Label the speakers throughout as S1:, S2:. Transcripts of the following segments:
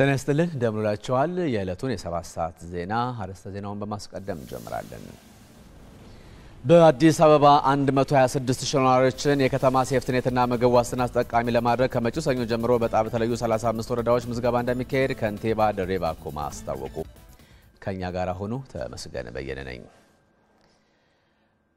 S1: ጤና ይስጥልን እንደምንላችኋል። የዕለቱን የሰባት ሰዓት ዜና አርዕስተ ዜናውን በማስቀደም እንጀምራለን። በአዲስ አበባ 126 ሺህ ነዋሪዎችን የከተማ ሴፍትኔትና ምግብ ዋስትና ተጠቃሚ ለማድረግ ከመጪው ሰኞ ጀምሮ በጣም በተለዩ 35 ወረዳዎች ምዝገባ እንደሚካሄድ ከንቲባ ድሪባ ኩማ አስታወቁ። ከእኛ ጋር ሁኑ። ተመስገን በየነ ነኝ።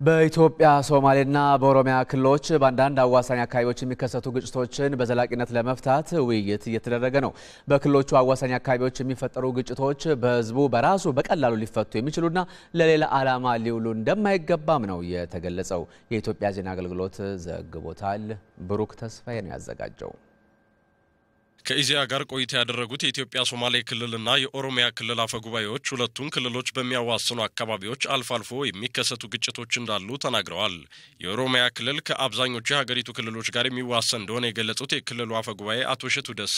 S1: በኢትዮጵያ ሶማሌና በኦሮሚያ ክልሎች በአንዳንድ አዋሳኝ አካባቢዎች የሚከሰቱ ግጭቶችን በዘላቂነት ለመፍታት ውይይት እየተደረገ ነው። በክልሎቹ አዋሳኝ አካባቢዎች የሚፈጠሩ ግጭቶች በሕዝቡ በራሱ በቀላሉ ሊፈቱ የሚችሉና ለሌላ ዓላማ ሊውሉ እንደማይገባም ነው የተገለጸው። የኢትዮጵያ ዜና አገልግሎት ዘግቦታል። ብሩክ ተስፋዬ ነው ያዘጋጀው።
S2: ከኢዜአ ጋር ቆይታ ያደረጉት የኢትዮጵያ ሶማሌ ክልልና የኦሮሚያ ክልል አፈጉባኤዎች ሁለቱን ክልሎች በሚያዋስኑ አካባቢዎች አልፎ አልፎ የሚከሰቱ ግጭቶች እንዳሉ ተናግረዋል። የኦሮሚያ ክልል ከአብዛኞቹ የሀገሪቱ ክልሎች ጋር የሚዋሰን እንደሆነ የገለጹት የክልሉ አፈጉባኤ አቶ እሸቱ ደሴ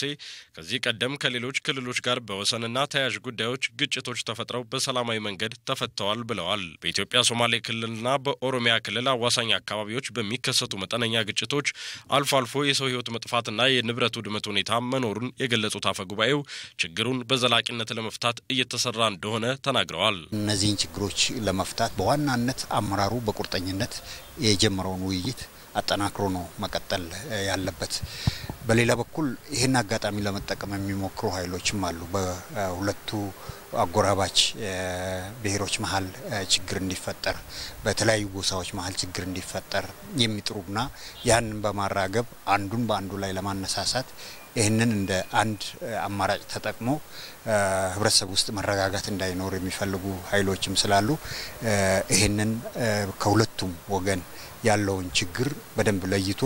S2: ከዚህ ቀደም ከሌሎች ክልሎች ጋር በወሰንና ተያያዥ ጉዳዮች ግጭቶች ተፈጥረው በሰላማዊ መንገድ ተፈተዋል ብለዋል። በኢትዮጵያ ሶማሌ ክልልና በኦሮሚያ ክልል አዋሳኝ አካባቢዎች በሚከሰቱ መጠነኛ ግጭቶች አልፎ አልፎ የሰው ሕይወት መጥፋትና የንብረት ውድመት ሁኔታ መኖሩን የገለጹት አፈ ጉባኤው ችግሩን በዘላቂነት ለመፍታት እየተሰራ እንደሆነ ተናግረዋል።
S3: እነዚህን ችግሮች ለመፍታት በዋናነት አመራሩ በቁርጠኝነት የጀመረውን ውይይት አጠናክሮ ነው መቀጠል ያለበት። በሌላ በኩል ይህን አጋጣሚ ለመጠቀም የሚሞክሩ ኃይሎችም አሉ። በሁለቱ አጎራባች ብሔሮች መሀል ችግር እንዲፈጠር፣ በተለያዩ ጎሳዎች መሀል ችግር እንዲፈጠር የሚጥሩና ያንን በማራገብ አንዱን በአንዱ ላይ ለማነሳሳት ይህንን እንደ አንድ አማራጭ ተጠቅሞ ህብረተሰብ ውስጥ መረጋጋት እንዳይኖር የሚፈልጉ ኃይሎችም ስላሉ ይህንን ከሁለቱም ወገን ያለውን ችግር በደንብ ለይቶ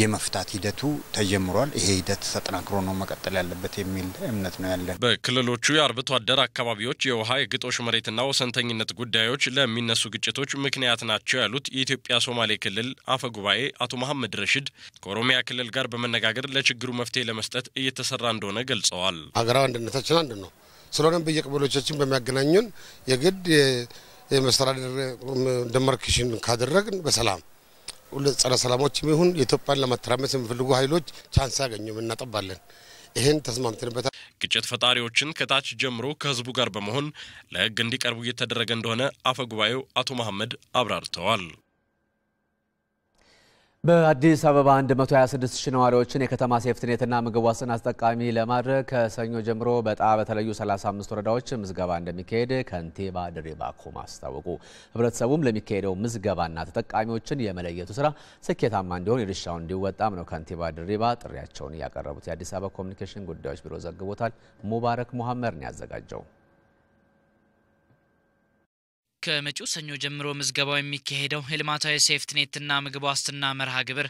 S3: የመፍታት ሂደቱ ተጀምሯል። ይሄ ሂደት ተጠናክሮ ነው መቀጠል ያለበት የሚል እምነት ነው ያለን።
S2: በክልሎቹ የአርብቶ አደር አካባቢዎች የውሃ የግጦሽ መሬትና ወሰንተኝነት ጉዳዮች ለሚነሱ ግጭቶች ምክንያት ናቸው ያሉት የኢትዮጵያ ሶማሌ ክልል አፈ ጉባኤ አቶ መሐመድ ረሽድ ከኦሮሚያ ክልል ጋር በመነጋገር ለችግሩ መፍትሄ ለመስጠት እየተሰራ እንደሆነ ገልጸዋል።
S4: ሀገራዊ አንድነታችን አንድ ነው። ስለሆነም በየቀበሌዎቻችን በሚያገናኙን የግድ የመስተዳደር ደማርኬሽን ካደረግን በሰላም ጸረ ሰላሞችም ይሁን የኢትዮጵያን ለማተራመስ የሚፈልጉ ኃይሎች ቻንስ ያገኙም እናጠባለን። ይህን ተስማምተንበታል።
S2: ግጭት ፈጣሪዎችን ከታች ጀምሮ ከህዝቡ ጋር በመሆን ለህግ እንዲቀርቡ እየተደረገ እንደሆነ አፈ ጉባኤው አቶ መሐመድ አብራርተዋል።
S1: በአዲስ አበባ 126 ሺህ ነዋሪዎችን የከተማ ሴፍትኔትና ምግብ ዋስትና ተጠቃሚ ለማድረግ ከሰኞ ጀምሮ በጣ በተለዩ 35 ወረዳዎች ምዝገባ እንደሚካሄድ ከንቲባ ድሪባ ኩማ አስታወቁ። ህብረተሰቡም ለሚካሄደው ምዝገባና ተጠቃሚዎችን የመለየቱ ስራ ስኬታማ እንዲሆን የድርሻውን እንዲወጣም ነው ከንቲባ ድሪባ ጥሪያቸውን ያቀረቡት። የአዲስ አበባ ኮሚኒኬሽን ጉዳዮች ቢሮ ዘግቦታል። ሙባረክ መሐመድ ነው ያዘጋጀው።
S5: ከመጪው ሰኞ ጀምሮ ምዝገባው የሚካሄደው የልማታዊ ሴፍትኔትና ምግብ ዋስትና መርሃ ግብር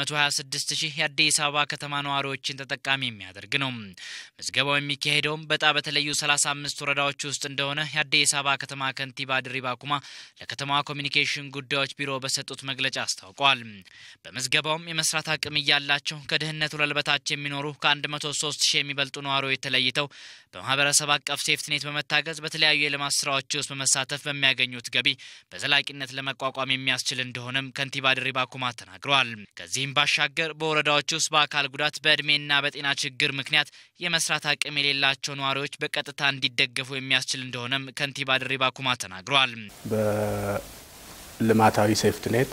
S5: 126 ሺህ የአዲስ አበባ ከተማ ነዋሪዎችን ተጠቃሚ የሚያደርግ ነው። ምዝገባው የሚካሄደውም በጣ በተለዩ 35 ወረዳዎች ውስጥ እንደሆነ የአዲስ አበባ ከተማ ከንቲባ ድሪባ ኩማ ለከተማዋ ኮሚኒኬሽን ጉዳዮች ቢሮ በሰጡት መግለጫ አስታውቀዋል። በምዝገባውም የመስራት አቅም እያላቸው ከድህነት ወለል በታች የሚኖሩ ከ103 ሺህ የሚበልጡ ነዋሪዎች ተለይተው በማህበረሰብ አቀፍ ሴፍትኔት በመታገዝ በተለያዩ የልማት ስራዎች ውስጥ በመሳተፍ ከሚያገኙት ገቢ በዘላቂነት ለመቋቋም የሚያስችል እንደሆነም ከንቲባ ድሪባ ኩማ ተናግረዋል። ከዚህም ባሻገር በወረዳዎች ውስጥ በአካል ጉዳት በእድሜና በጤና ችግር ምክንያት የመስራት አቅም የሌላቸው ነዋሪዎች በቀጥታ እንዲደገፉ የሚያስችል እንደሆነም ከንቲባ ድሪባ ኩማ ተናግረዋል።
S6: በልማታዊ ሴፍትኔት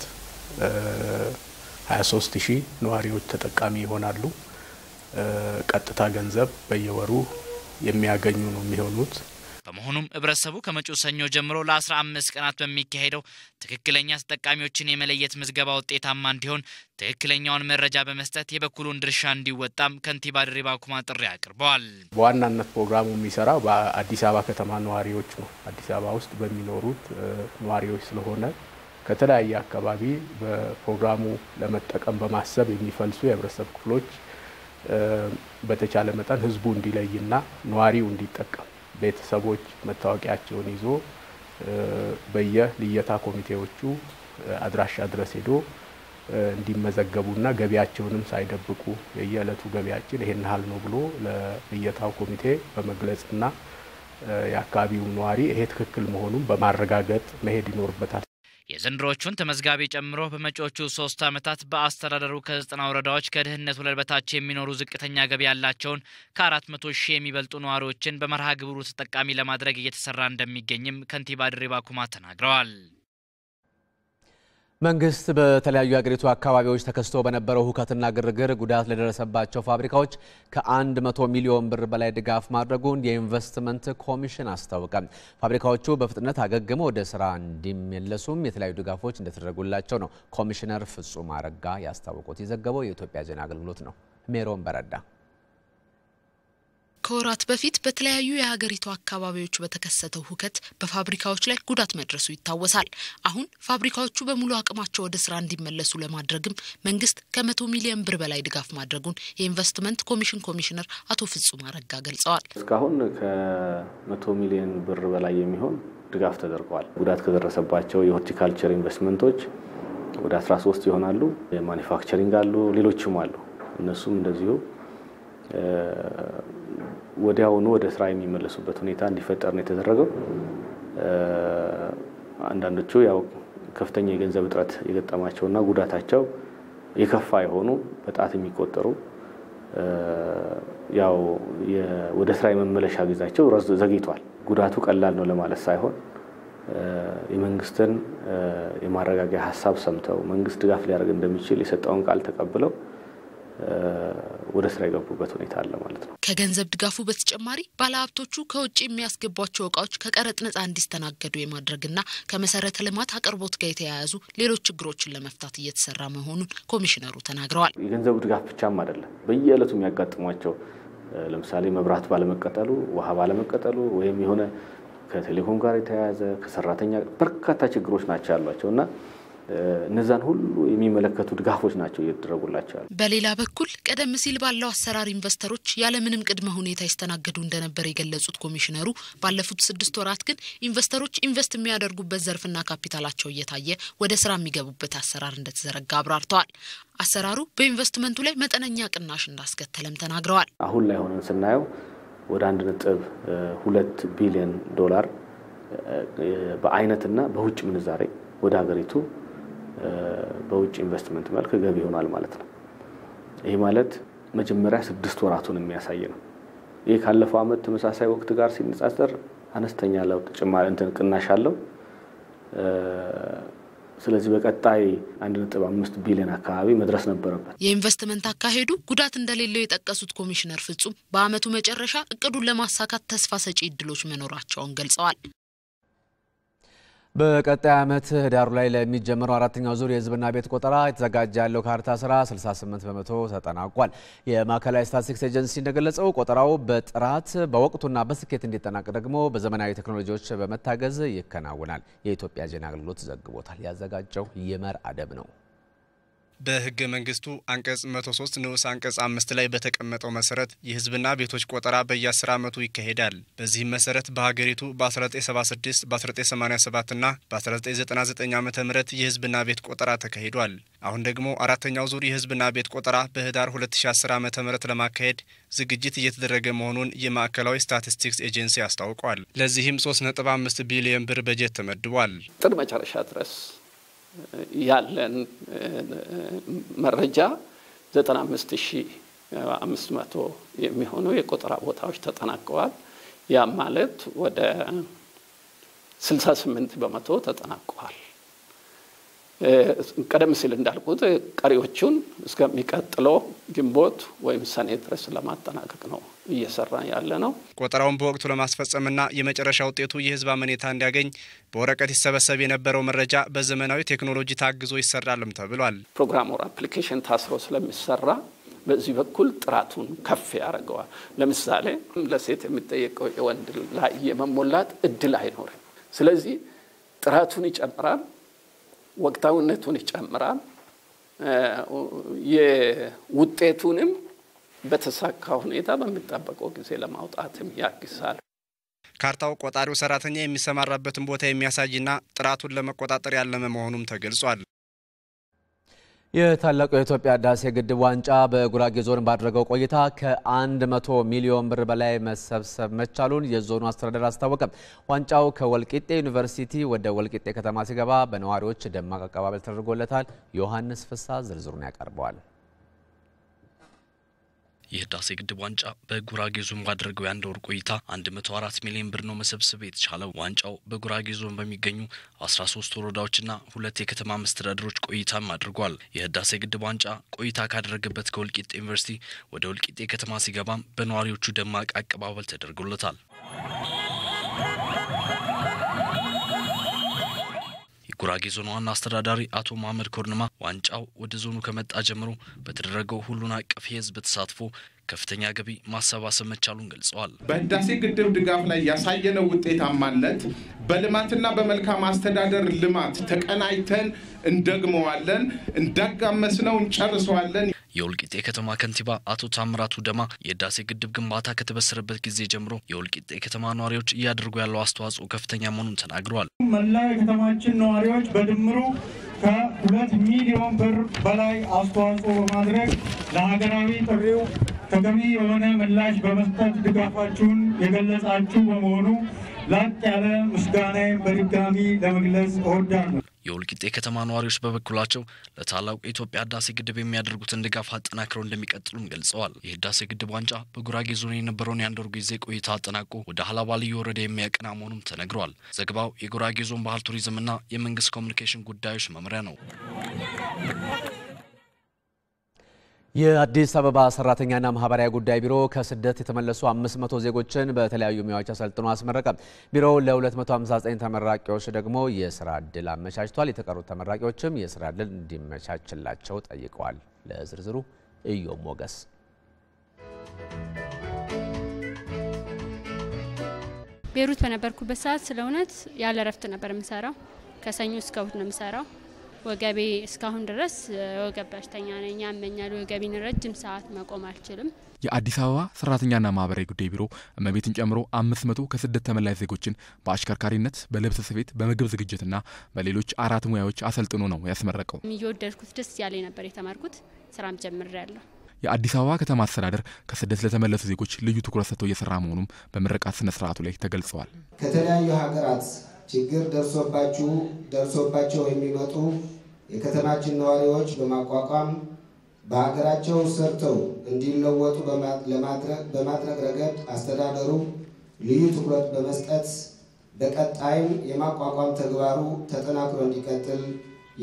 S6: 23 ሺህ ነዋሪዎች ተጠቃሚ ይሆናሉ። ቀጥታ ገንዘብ በየወሩ የሚያገኙ ነው የሚሆኑት።
S5: በመሆኑም ህብረተሰቡ ከመጪው ሰኞ ጀምሮ ለ15 ቀናት በሚካሄደው ትክክለኛ ተጠቃሚዎችን የመለየት ምዝገባ ውጤታማ እንዲሆን ትክክለኛውን መረጃ በመስጠት የበኩሉን ድርሻ እንዲወጣም ከንቲባ ድሪባ ኩማ ጥሪ አቅርበዋል።
S6: በዋናነት ፕሮግራሙ የሚሰራው በአዲስ አበባ ከተማ ነዋሪዎች ነው። አዲስ አበባ ውስጥ በሚኖሩት ነዋሪዎች ስለሆነ ከተለያየ አካባቢ በፕሮግራሙ ለመጠቀም በማሰብ የሚፈልሱ የህብረተሰብ ክፍሎች በተቻለ መጠን ህዝቡ እንዲለይና ነዋሪው እንዲጠቀም ቤተሰቦች መታወቂያቸውን ይዞ በየልየታ ኮሚቴዎቹ አድራሻ ድረስ ሄዶ እንዲመዘገቡና ገቢያቸውንም ሳይደብቁ የየዕለቱ ገቢያችን ይሄን ያህል ነው ብሎ ለልየታው ኮሚቴ በመግለጽና የአካባቢው ነዋሪ ይሄ ትክክል መሆኑን በማረጋገጥ መሄድ ይኖርበታል።
S5: የዘንድሮቹን ተመዝጋቢ ጨምሮ በመጪዎቹ ሶስት ዓመታት በአስተዳደሩ ከዘጠና ወረዳዎች ከድህነት ወለል በታች የሚኖሩ ዝቅተኛ ገቢ ያላቸውን ከአራት መቶ ሺህ የሚበልጡ ነዋሪዎችን በመርሃ ግብሩ ተጠቃሚ ለማድረግ እየተሰራ እንደሚገኝም ከንቲባ ድሪባ ኩማ ተናግረዋል።
S1: መንግስት በተለያዩ የአገሪቱ አካባቢዎች ተከስቶ በነበረው ሁከትና ግርግር ጉዳት ለደረሰባቸው ፋብሪካዎች ከ100 ሚሊዮን ብር በላይ ድጋፍ ማድረጉን የኢንቨስትመንት ኮሚሽን አስታወቀ። ፋብሪካዎቹ በፍጥነት አገግመው ወደ ስራ እንዲመለሱም የተለያዩ ድጋፎች እንደተደረጉላቸው ነው ኮሚሽነር ፍጹም አረጋ ያስታወቁት። የዘገበው የኢትዮጵያ ዜና አገልግሎት ነው። ሜሮን በረዳ
S5: ከወራት በፊት በተለያዩ የሀገሪቱ አካባቢዎች በተከሰተው ሁከት በፋብሪካዎች ላይ ጉዳት መድረሱ ይታወሳል። አሁን ፋብሪካዎቹ በሙሉ አቅማቸው ወደ ስራ እንዲመለሱ ለማድረግም መንግስት ከመቶ ሚሊዮን ብር በላይ ድጋፍ ማድረጉን የኢንቨስትመንት ኮሚሽን ኮሚሽነር አቶ ፍጹም አረጋ ገልጸዋል።
S6: እስካሁን ከመቶ ሚሊዮን ብር በላይ የሚሆን ድጋፍ ተደርገዋል። ጉዳት ከደረሰባቸው የሆርቲካልቸር ኢንቨስትመንቶች ወደ 13 ይሆናሉ። የማኒፋክቸሪንግ አሉ፣ ሌሎችም አሉ። እነሱም እንደዚሁ ወዲያውኑ ወደ ስራ የሚመለሱበት ሁኔታ እንዲፈጠር ነው የተደረገው። አንዳንዶቹ ያው ከፍተኛ የገንዘብ እጥረት የገጠማቸውና ጉዳታቸው የከፋ የሆኑ በጣት የሚቆጠሩ ያው ወደ ስራ የመመለሻ ጊዜያቸው ዘግይቷል። ጉዳቱ ቀላል ነው ለማለት ሳይሆን የመንግስትን የማረጋጊያ ሀሳብ ሰምተው መንግስት ድጋፍ ሊያደርግ እንደሚችል የሰጠውን ቃል ተቀብለው ወደ ስራ የገቡበት ሁኔታ አለ ማለት ነው።
S5: ከገንዘብ ድጋፉ በተጨማሪ ባለሀብቶቹ ከውጭ የሚያስገቧቸው እቃዎች ከቀረጥ ነጻ እንዲስተናገዱ የማድረግና ከመሰረተ ልማት አቅርቦት ጋር የተያያዙ ሌሎች ችግሮችን ለመፍታት እየተሰራ መሆኑን ኮሚሽነሩ ተናግረዋል።
S6: የገንዘቡ ድጋፍ ብቻም አይደለም፣ በየዕለቱ የሚያጋጥሟቸው ለምሳሌ መብራት ባለመቀጠሉ፣ ውሃ ባለመቀጠሉ ወይም የሆነ ከቴሌኮም ጋር የተያያዘ ከሰራተኛ በርካታ ችግሮች ናቸው ያሏቸው እና እነዛን ሁሉ የሚመለከቱ ድጋፎች ናቸው እየተደረጉላቸዋል።
S5: በሌላ በኩል ቀደም ሲል ባለው አሰራር ኢንቨስተሮች ያለምንም ቅድመ ሁኔታ ይስተናገዱ እንደነበር የገለጹት ኮሚሽነሩ ባለፉት ስድስት ወራት ግን ኢንቨስተሮች ኢንቨስት የሚያደርጉበት ዘርፍና ካፒታላቸው እየታየ ወደ ስራ የሚገቡበት አሰራር እንደተዘረጋ አብራርተዋል። አሰራሩ በኢንቨስትመንቱ ላይ መጠነኛ ቅናሽ እንዳስከተለም ተናግረዋል።
S6: አሁን ላይ ሆነን ስናየው ወደ አንድ ነጥብ ሁለት ቢሊዮን ዶላር በአይነትና በውጭ ምንዛሬ ወደ ሀገሪቱ በውጭ ኢንቨስትመንት መልክ ገቢ ይሆናል ማለት ነው። ይህ ማለት መጀመሪያ ስድስት ወራቱን የሚያሳይ ነው። ይህ ካለፈው ዓመት ተመሳሳይ ወቅት ጋር ሲነጻጸር አነስተኛ ለውጥ ጭማሪ እንትን ቅናሽ አለው። ስለዚህ በቀጣይ አንድ ነጥብ አምስት ቢሊዮን አካባቢ መድረስ ነበረበት።
S5: የኢንቨስትመንት አካሄዱ ጉዳት እንደሌለው የጠቀሱት ኮሚሽነር ፍጹም በአመቱ መጨረሻ እቅዱን ለማሳካት ተስፋ ሰጪ እድሎች መኖራቸውን ገልጸዋል።
S1: በቀጣይ ዓመት ህዳሩ ላይ ለሚጀምረው አራተኛው ዙር የህዝብና ቤት ቆጠራ የተዘጋጀ ያለው ካርታ ስራ 68 በመቶ ተጠናቋል። የማዕከላዊ ስታትስቲክስ ኤጀንሲ እንደገለጸው ቆጠራው በጥራት በወቅቱና በስኬት እንዲጠናቅ ደግሞ በዘመናዊ ቴክኖሎጂዎች በመታገዝ ይከናወናል። የኢትዮጵያ ዜና አገልግሎት ዘግቦታል። ያዘጋጀው ይመር አደብ ነው።
S2: በህገ መንግስቱ አንቀጽ 103 ንዑስ አንቀጽ አምስት ላይ በተቀመጠው መሰረት የህዝብና ቤቶች ቆጠራ በየ10 ዓመቱ ይካሄዳል። በዚህም መሰረት በሀገሪቱ በ1976 በ1987 እና በ1999 ዓ ም የህዝብና ቤት ቆጠራ ተካሂዷል። አሁን ደግሞ አራተኛው ዙር የህዝብና ቤት ቆጠራ በህዳር 2010 ዓ ም ለማካሄድ ዝግጅት እየተደረገ መሆኑን የማዕከላዊ ስታቲስቲክስ ኤጀንሲ አስታውቋል። ለዚህም 3.5 ቢሊዮን ብር በጀት ተመድቧል።
S7: ጥር መጨረሻ ድረስ ያለን መረጃ 95500 የሚሆኑ የቆጠራ ቦታዎች ተጠናቀዋል። ያም ማለት ወደ 68 በመቶ ተጠናቀዋል። ቀደም ሲል እንዳልኩት ቀሪዎቹን እስከሚቀጥለው ግንቦት ወይም ሰኔ ድረስ ለማጠናቀቅ ነው እየሰራ ያለ ነው።
S2: ቆጠራውን በወቅቱ ለማስፈጸምና የመጨረሻ ውጤቱ የህዝብ አመኔታ እንዲያገኝ በወረቀት ይሰበሰብ የነበረው መረጃ በዘመናዊ ቴክኖሎጂ ታግዞ ይሰራልም ተብሏል።
S7: ፕሮግራም ወር አፕሊኬሽን ታስሮ ስለሚሰራ በዚህ በኩል ጥራቱን ከፍ ያደርገዋል። ለምሳሌ ለሴት የሚጠየቀው የወንድ ላይ የመሞላት እድል አይኖርም። ስለዚህ ጥራቱን ይጨምራል። ወቅታዊነቱን ይጨምራል። የውጤቱንም በተሳካ ሁኔታ በሚጠበቀው ጊዜ ለማውጣትም ያግዛል።
S2: ካርታው ቆጣሪው ሰራተኛ የሚሰማራበትን ቦታ የሚያሳይና ጥራቱን ለመቆጣጠር ያለመ መሆኑም ተገልጿል።
S1: የታላቁ የኢትዮጵያ ህዳሴ ግድብ ዋንጫ በጉራጌ ዞን ባደረገው ቆይታ ከ100 ሚሊዮን ብር በላይ መሰብሰብ መቻሉን የዞኑ አስተዳደር አስታወቀ። ዋንጫው ከወልቂጤ ዩኒቨርሲቲ ወደ ወልቂጤ ከተማ ሲገባ በነዋሪዎች ደማቅ አቀባበል ተደርጎለታል። ዮሐንስ ፍሳ ዝርዝሩን ያቀርበዋል።
S2: የህዳሴ ግድብ ዋንጫ በጉራጌ ዞን ባደረገው የአንድ ወር ቆይታ 104 ሚሊዮን ብር ነው መሰብሰብ የተቻለው። ዋንጫው በጉራጌ ዞን በሚገኙ 13 ወረዳዎችና ሁለት የከተማ መስተዳድሮች ቆይታም አድርጓል። የህዳሴ ግድብ ዋንጫ ቆይታ ካደረገበት ከወልቂጤ ዩኒቨርሲቲ ወደ ወልቂጤ ከተማ ሲገባም በነዋሪዎቹ ደማቅ አቀባበል ተደርጎለታል። የጉራጌ ዞን ዋና አስተዳዳሪ አቶ መሀመድ ኮርንማ ዋንጫው ወደ ዞኑ ከመጣ ጀምሮ በተደረገው ሁሉን አቀፍ የህዝብ ተሳትፎ ከፍተኛ ገቢ ማሰባሰብ መቻሉን ገልጸዋል።
S8: በህዳሴ ግድብ ድጋፍ ላይ ያሳየነው ውጤታማነት በልማትና በመልካም አስተዳደር ልማት ተቀናይተን እንደግመዋለን፣ እንዳጋመስነው እንጨርሰዋለን
S2: የወልቂጤ ከተማ ከንቲባ አቶ ታምራቱ ደማ የህዳሴ ግድብ ግንባታ ከተበሰረበት ጊዜ ጀምሮ የወልቂጤ ከተማ ነዋሪዎች እያደርጉ ያለው አስተዋጽኦ ከፍተኛ መሆኑን ተናግረዋል።
S9: መላ የከተማችን ነዋሪዎች በድምሩ ከሁለት ሚሊዮን ብር በላይ አስተዋጽኦ በማድረግ ለሀገራዊ ጥሪው ተገቢ የሆነ ምላሽ በመስጠት ድጋፋችሁን የገለጻችሁ በመሆኑ ላቅ ያለ ምስጋናዬን በድጋሚ ለመግለጽ እወዳለሁ።
S2: የወልቂጤ ከተማ ነዋሪዎች በበኩላቸው ለታላቁ የኢትዮጵያ ህዳሴ ግድብ የሚያደርጉትን ድጋፍ አጠናክረው እንደሚቀጥሉም ገልጸዋል። የህዳሴ ግድብ ዋንጫ በጉራጌ ዞን የነበረውን የአንድ ወር ጊዜ ቆይታ አጠናቆ ወደ ሀላባ ልዩ ወረዳ የሚያቀና መሆኑም ተነግሯል። ዘገባው የጉራጌ ዞን ባህል ቱሪዝምና የመንግስት ኮሚኒኬሽን ጉዳዮች መምሪያ ነው።
S1: የአዲስ አበባ ሰራተኛና ማህበራዊ ጉዳይ ቢሮ ከስደት የተመለሱ 500 ዜጎችን በተለያዩ ሙያዎች አሰልጥኖ አስመረቀ። ቢሮው ለ259 ተመራቂዎች ደግሞ የስራ ዕድል አመቻችቷል። የተቀሩት ተመራቂዎችም የስራ ዕድል እንዲመቻችላቸው ጠይቀዋል። ለዝርዝሩ እዮም ሞገስ
S10: ቤሩት በነበርኩበት ሰዓት ስለ እውነት ያለ እረፍት ነበር የምሰራው። ከሰኞ እስከ እሁድ ነው የምሰራው። ወገቤ እስካሁን ድረስ ወገብ በሽተኛ ነኝ፣ ያመኛል። ወገቤን ረጅም ሰዓት መቆም አልችልም።
S2: የአዲስ አበባ ሰራተኛና ማህበራዊ ጉዳይ ቢሮ እመቤትን ጨምሮ አምስት መቶ ከስደት ተመላሽ ዜጎችን በአሽከርካሪነት፣ በልብስ ስፌት፣ በምግብ ዝግጅትና በሌሎች አራት ሙያዎች አሰልጥኖ ነው ያስመረቀው።
S10: እየወደድኩት ደስ ያለኝ ነበር የተማርኩት። ስራም ያለሁ
S2: የአዲስ አበባ ከተማ አስተዳደር ከስደት ለተመለሱ ዜጎች ልዩ ትኩረት ሰጥቶ እየሰራ መሆኑም በምረቃት ስነ ስርዓቱ ላይ ተገልጸዋል።
S11: ከተለያዩ ሀገራት ችግር ደርሶባችሁ ደርሶባቸው የሚመጡ የከተማችን ነዋሪዎች በማቋቋም በሀገራቸው ሰርተው እንዲለወጡ በማድረግ ረገድ አስተዳደሩ ልዩ ትኩረት በመስጠት በቀጣይም የማቋቋም ተግባሩ ተጠናክሮ እንዲቀጥል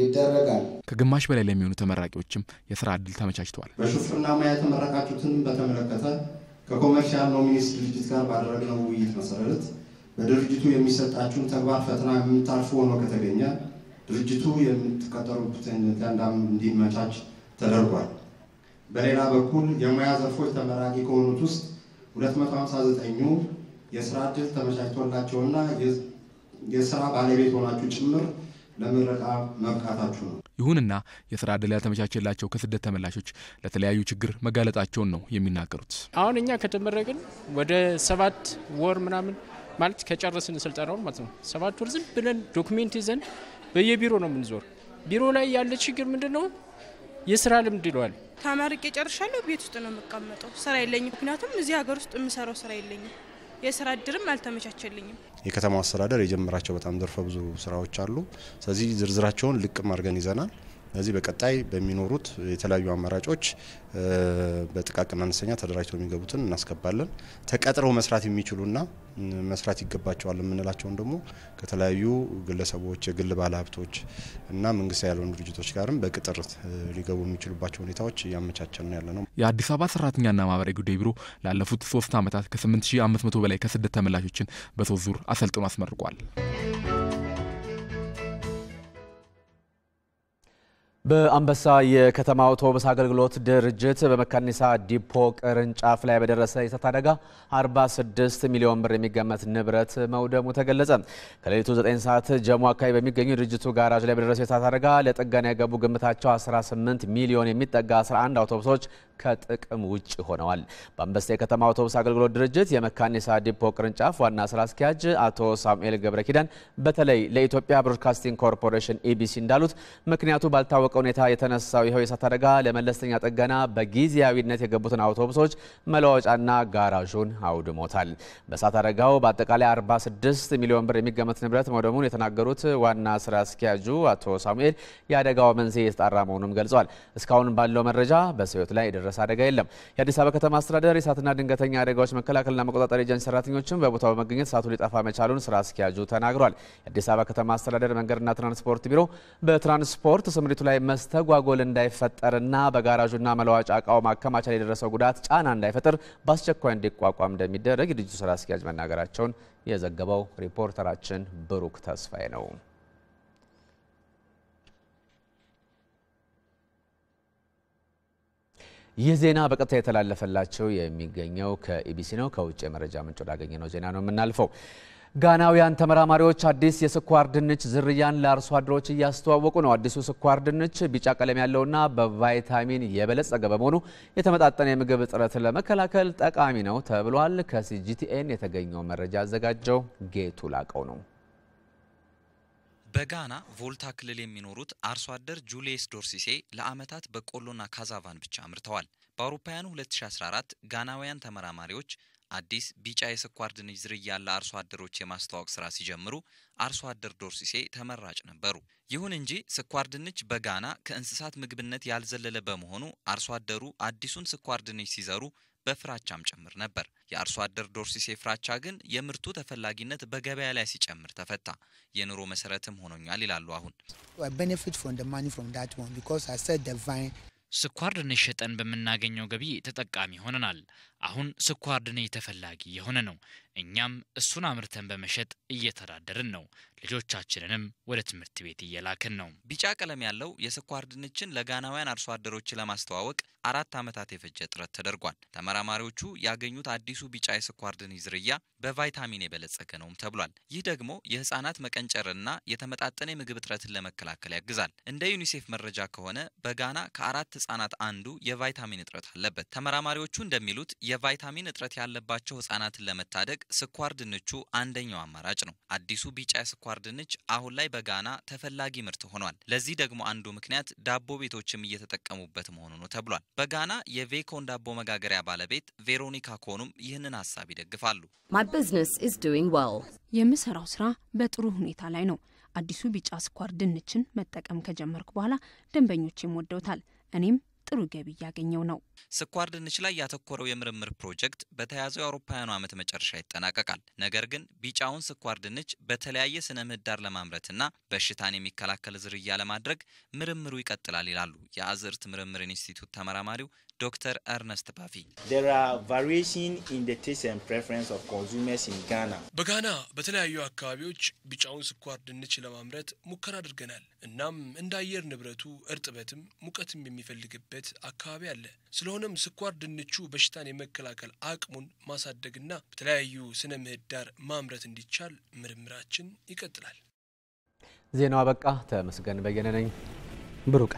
S11: ይደረጋል።
S2: ከግማሽ በላይ ለሚሆኑ ተመራቂዎችም የስራ ዕድል ተመቻችተዋል።
S12: በሹፍርና ሙያ የተመረቃችሁትን በተመለከተ ከኮመርሻል ሚኒስቴር ድርጅት ጋር ባደረግነው ውይይት መሰረት በድርጅቱ የሚሰጣችሁን ተግባር ፈተና የምታልፉ ሆኖ ከተገኘ ድርጅቱ የምትቀጠሩበትን ደንዳም እንዲመቻች ተደርጓል። በሌላ በኩል የሙያ ዘርፎች ተመራቂ ከሆኑት ውስጥ 259ኙ የስራ እድል ተመቻችቶላቸውና የስራ ባለቤት ሆናችሁ ጭምር ለምረቃ መብቃታችሁ ነው።
S2: ይሁንና የስራ ዕድል ያልተመቻቸላቸው ከስደት ተመላሾች ለተለያዩ ችግር መጋለጣቸውን ነው የሚናገሩት።
S13: አሁን እኛ ከተመረቅን ወደ ሰባት ወር ምናምን ማለት ከጨረስን ስልጠናውን ማለት ነው። ሰባት ወር ዝም ብለን ዶክሜንት ይዘን በየቢሮ ነው የምንዞር። ቢሮ ላይ ያለ ችግር ምንድን ነው? የስራ ልምድ ይለዋል።
S14: ተመርቄ ጨርሻለሁ። ቤት ውስጥ ነው የምቀመጠው። ስራ የለኝም። ምክንያቱም እዚህ ሀገር ውስጥ የምሰራው ስራ የለኝም። የስራ እድርም አልተመቻቸልኝም።
S15: የከተማው አስተዳደር የጀመራቸው በጣም ዘርፈ ብዙ ስራዎች አሉ። ስለዚህ ዝርዝራቸውን ልቅም አድርገን ይዘናል። እዚህ በቀጣይ በሚኖሩት የተለያዩ አማራጮች በጥቃቅን አነስተኛ ተደራጅተው የሚገቡትን እናስገባለን። ተቀጥረው መስራት የሚችሉና መስራት ይገባቸዋል የምንላቸውን ደግሞ ከተለያዩ ግለሰቦች፣ የግል ባለሀብቶች እና መንግስት ያልሆኑ ድርጅቶች ጋርም በቅጥር ሊገቡ የሚችሉባቸው ሁኔታዎች እያመቻቸን ያለ ነው።
S2: የአዲስ አበባ ሰራተኛና ማህበራዊ ጉዳይ ቢሮ ላለፉት ሶስት ዓመታት ከ8500 በላይ ከስደት ተመላሾችን በሶስት ዙር አሰልጥኖ አስመርቋል።
S1: በአንበሳ የከተማ አውቶቡስ አገልግሎት ድርጅት በመካኒሳ ዲፖ ቅርንጫፍ ላይ በደረሰ የእሳት አደጋ 46 ሚሊዮን ብር የሚገመት ንብረት መውደሙ ተገለጸ። ከሌሊቱ 9 ሰዓት ጀሞ አካባቢ በሚገኙ ድርጅቱ ጋራጅ ላይ በደረሰ የእሳት አደጋ ለጥገና የገቡ ግምታቸው 18 ሚሊዮን የሚጠጋ 11 አውቶቡሶች ከጥቅም ውጭ ሆነዋል። በአንበሳ የከተማ አውቶቡስ አገልግሎት ድርጅት የመካኒሳ ዲፖ ቅርንጫፍ ዋና ስራ አስኪያጅ አቶ ሳሙኤል ገብረ ኪዳን በተለይ ለኢትዮጵያ ብሮድካስቲንግ ኮርፖሬሽን ኢቢሲ እንዳሉት ምክንያቱ ባልታወቀው ሁኔታ የተነሳው ይኸው የእሳት አደጋ ለመለስተኛ ጥገና በጊዜያዊነት የገቡትን አውቶቡሶች መለዋወጫና ጋራዡን አውድሞታል። በእሳት አደጋው በአጠቃላይ 46 ሚሊዮን ብር የሚገመት ንብረት መውደሙን የተናገሩት ዋና ስራ አስኪያጁ አቶ ሳሙኤል የአደጋው መንስኤ የተጣራ መሆኑን ገልጿል። እስካሁን ባለው መረጃ በሰዎች ላይ የደረሰ አደጋ የለም። የአዲስ አበባ ከተማ አስተዳደር የእሳትና ድንገተኛ አደጋዎች መከላከልና መቆጣጠር ኤጀንሲ ሰራተኞችም በቦታው በመገኘት እሳቱ ሊጠፋ መቻሉን ስራ አስኪያጁ ተናግሯል። የአዲስ አበባ ከተማ አስተዳደር መንገድና ትራንስፖርት ቢሮ በትራንስፖርት ስምሪቱ ላይ መስተጓጎል እንዳይፈጠርና በጋራዡና መለዋጫ እቃው ማከማቻ ላይ የደረሰው ጉዳት ጫና እንዳይፈጥር በአስቸኳይ እንዲቋቋም እንደሚደረግ የድርጅቱ ስራ አስኪያጅ መናገራቸውን የዘገበው ሪፖርተራችን ብሩክ ተስፋዬ ነው። ይህ ዜና በቀጥታ የተላለፈላቸው የሚገኘው ከኢቢሲ ነው። ከውጭ የመረጃ ምንጭ ወዳገኘ ነው ዜና ነው የምናልፈው። ጋናውያን ተመራማሪዎች አዲስ የስኳር ድንች ዝርያን ለአርሶ አደሮች እያስተዋወቁ ነው። አዲሱ ስኳር ድንች ቢጫ ቀለም ያለውና በቫይታሚን የበለጸገ በመሆኑ የተመጣጠነ የምግብ ጥረት ለመከላከል ጠቃሚ ነው ተብሏል። ከሲጂቲኤን የተገኘው መረጃ አዘጋጀው ጌቱ ላቀው ነው።
S5: በጋና ቮልታ ክልል የሚኖሩት አርሶ አደር ጁሊየስ ዶርሲሴ ለዓመታት በቆሎና ካዛቫን ብቻ አምርተዋል። በአውሮፓውያኑ 2014 ጋናውያን ተመራማሪዎች አዲስ ቢጫ የስኳር ድንች ዝርያ ያለ አርሶ አደሮች የማስተዋወቅ ስራ ሲጀምሩ አርሶ አደር ዶርሲሴ ተመራጭ ነበሩ። ይሁን እንጂ ስኳር ድንች በጋና ከእንስሳት ምግብነት ያልዘለለ በመሆኑ አርሶ አደሩ አዲሱን ስኳር ድንች ሲዘሩ በፍራቻም ጭምር ነበር። የአርሶ አደር ዶርሲሴ ፍራቻ ግን የምርቱ ተፈላጊነት በገበያ ላይ ሲጨምር ተፈታ። የኑሮ መሰረትም ሆኖኛል ይላሉ። አሁን ስኳር ድንች ሸጠን በምናገኘው ገቢ ተጠቃሚ ሆነናል። አሁን ስኳር ድንች ተፈላጊ የሆነ ነው። እኛም እሱን አምርተን በመሸጥ እየተዳደርን ነው። ልጆቻችንንም ወደ ትምህርት ቤት እየላክን ነው። ቢጫ ቀለም ያለው የስኳር ድንችን ለጋናውያን አርሶ አደሮች ለማስተዋወቅ አራት ዓመታት የፈጀ ጥረት ተደርጓል። ተመራማሪዎቹ ያገኙት አዲሱ ቢጫ የስኳር ድንች ዝርያ በቫይታሚን የበለጸገ ነውም ተብሏል። ይህ ደግሞ የህፃናት መቀንጨርና የተመጣጠነ የምግብ እጥረትን ለመከላከል ያግዛል። እንደ ዩኒሴፍ መረጃ ከሆነ በጋና ከአራት ህጻናት አንዱ የቫይታሚን እጥረት አለበት። ተመራማሪዎቹ እንደሚሉት የቫይታሚን እጥረት ያለባቸው ህጻናትን ለመታደግ ስኳር ድንቹ አንደኛው አማራጭ ነው። አዲሱ ቢጫ ስኳር ድንች አሁን ላይ በጋና ተፈላጊ ምርት ሆኗል። ለዚህ ደግሞ አንዱ ምክንያት ዳቦ ቤቶችም እየተጠቀሙበት መሆኑ ነው ተብሏል። በጋና የቬኮን ዳቦ መጋገሪያ ባለቤት ቬሮኒካ ኮኑም ይህንን ሀሳብ ይደግፋሉ።
S16: የምሰራው ስራ በጥሩ ሁኔታ ላይ ነው። አዲሱ ቢጫ ስኳር ድንችን መጠቀም ከጀመርኩ በኋላ ደንበኞቼም ወደውታል። እኔም ጥሩ ገቢ እያገኘው ነው።
S5: ስኳር ድንች ላይ ያተኮረው የምርምር ፕሮጀክት በተያዘው የአውሮፓውያኑ ዓመት መጨረሻ ይጠናቀቃል። ነገር ግን ቢጫውን ስኳር ድንች በተለያየ ስነ ምህዳር ለማምረትና በሽታን የሚከላከል ዝርያ ለማድረግ ምርምሩ ይቀጥላል ይላሉ የአዝርት ምርምር ኢንስቲትዩት ተመራማሪው ዶክተር አርነስት ባፊ
S2: በጋና በተለያዩ አካባቢዎች ቢጫውን ስኳር ድንች ለማምረት ሙከራ አድርገናል። እናም እንደ አየር ንብረቱ እርጥበትም ሙቀትም የሚፈልግበት አካባቢ አለ። ስለሆነም ስኳር ድንቹ በሽታን የመከላከል አቅሙን ማሳደግና በተለያዩ ስነ ምህዳር ማምረት እንዲቻል ምርምራችን ይቀጥላል።
S1: ዜናው አበቃ። ተመስገን በየነ ነኝ። ብሩህ